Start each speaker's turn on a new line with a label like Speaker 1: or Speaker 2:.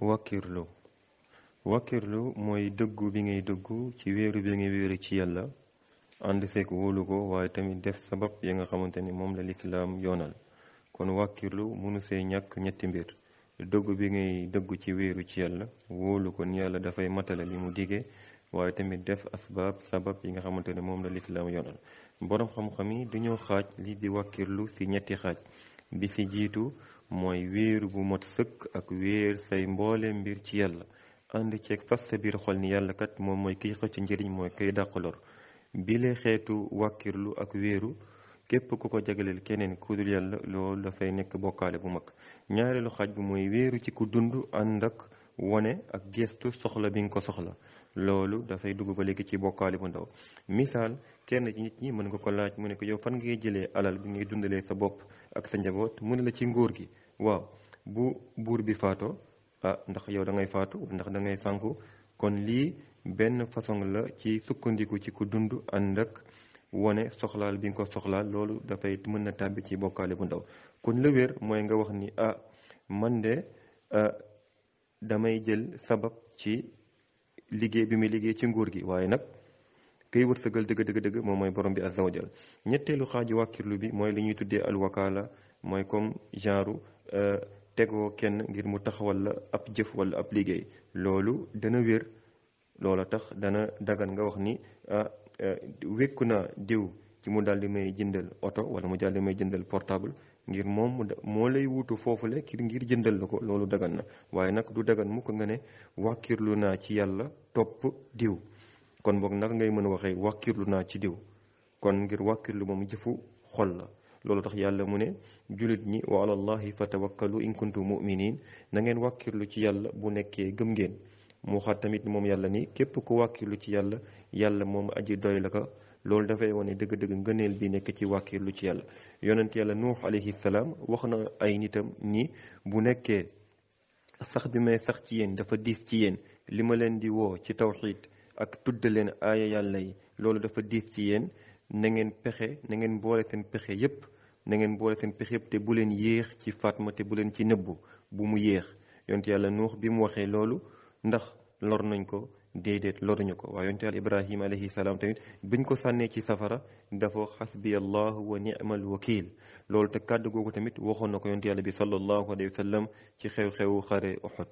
Speaker 1: wakkirlu wakkirlu mooy dëggu bi ngay dëggu ci wéeru bi ngay wéeru ci yàlla ànd seeg wóolu ko waaye tamit def sabab ya nga xamante ni moom la lislaam yoonal kon wakkirlu mënu see ñàkk ñetti mbir dëggu bi ngay dëggu ci wéeru ci yàlla wóolu ko yàlla dafay matale li mu digee waaye tamit def asbaab sabab yi nga xamante ne moom la lislaam yoonal boroom xam-xam yi dañoo xaaj li di wakkirlu ci ñetti xaaj bi ci jiitu mooy wéeru bu mot sëkk ak wéer say mboolem mbir ci yàlla ànd ceeg fas sa biir xol ni yàlla kat moom mooy kiy xëcc njëriñ mooy kay dàqalor bile xeetu wàkkirlu ak wéeru képp ku ko jagaleel keneen ku dul yàlla loolu dafay nekk bokkaale bu mag ñaareelu xaaj bi mooy wéeru ci ku dund ànd ak wone ak gestu soxla bi nga ko soxla loolu dafay dugg ba léegi ci bokkaale bu ndaw misaal kenn ci nit ñi mën nga ko laaj mu ne ko yow fan ngay jëlee alal bi ngay dundalee sa bopp ak sa njaboot mu ne la ci ngóor gi waaw bu buur bi faatoo ah ndax yow da ngay faatu ndax dangay ngay kon lii benn façon la ci sukkandiku ci ku dund ànd ak wone soxlaal bi nga ko soxlaal loolu dafay mën na tàbbi ci bokkaale bu ndaw kon la wér mooy nga wax ni ah man de ah, damay jël sabab ci liggéey bi muy liggéey ci nguur gi waaye nag kay wërsëgal dëgg dëgg dëgg moom mooy borom bi azza wa ñetteelu xaaju wàkkirlu bi mooy li ñuy tuddee alwakaala mooy comme genre euh, tegoo kenn ngir mu taxawal la ab jëf wala ab liggéey loolu dana wér loola tax dana dagan nga wax ni ah, euh, wékku naa diw ci mu daal di may jëndal oto wala mu daal may jëndal portable ngir moom mu moo lay foofu foofule ngir jëndal la ko loolu dagan na waaye nag du dagan mukk nga ne wàkkirlu naa ci yàlla topp diw kon boog naka ngay mën a waxee wàkkirlu naa ci diw kon ngir wàkkirlu moom jëfu xol la loolu tax yàlla mu ne jullit ñi wa alallahi fatawakkalu in kuntum muminin nangeen ngeen ci yàlla bu nekkee gëm ngeen mu waxaat tamit moom yàlla ni képp ku wàkkirlu ci yàlla yàlla moom aji doy loolu dafay wane dëgg-dëgg ngëneel bi nekk ci wàkkiirlu ci yàlla yonent yàlla nuux alayhi salaam wax na ay nitam ñi bu nekkee sax bi may sax ci yéen dafa diis ci yéen li ma leen di woo ci tawxiid ak tudd leen aaya yàlla yi loolu dafa diis ci yéen na ngeen pexe na ngeen boole seen pexe yépp na ngeen boole seen pexe yépp te bu leen yéex ci Fatma te bu leen ci nëbbu bu mu yéex yonent yàlla nuux bi mu waxee loolu ndax lor nañ ko déedéet loruñu ko waaye yonte yàlla ibrahima alayhi salaam tamit biñ ko sànnee ci safara dafa xasbi allahu wa ni'mal wakil loolu te kàddu googu tamit waxoon na ko yonte yàlla bi sallallahu alayhi wa sallam ci xew-xewu xare Uhud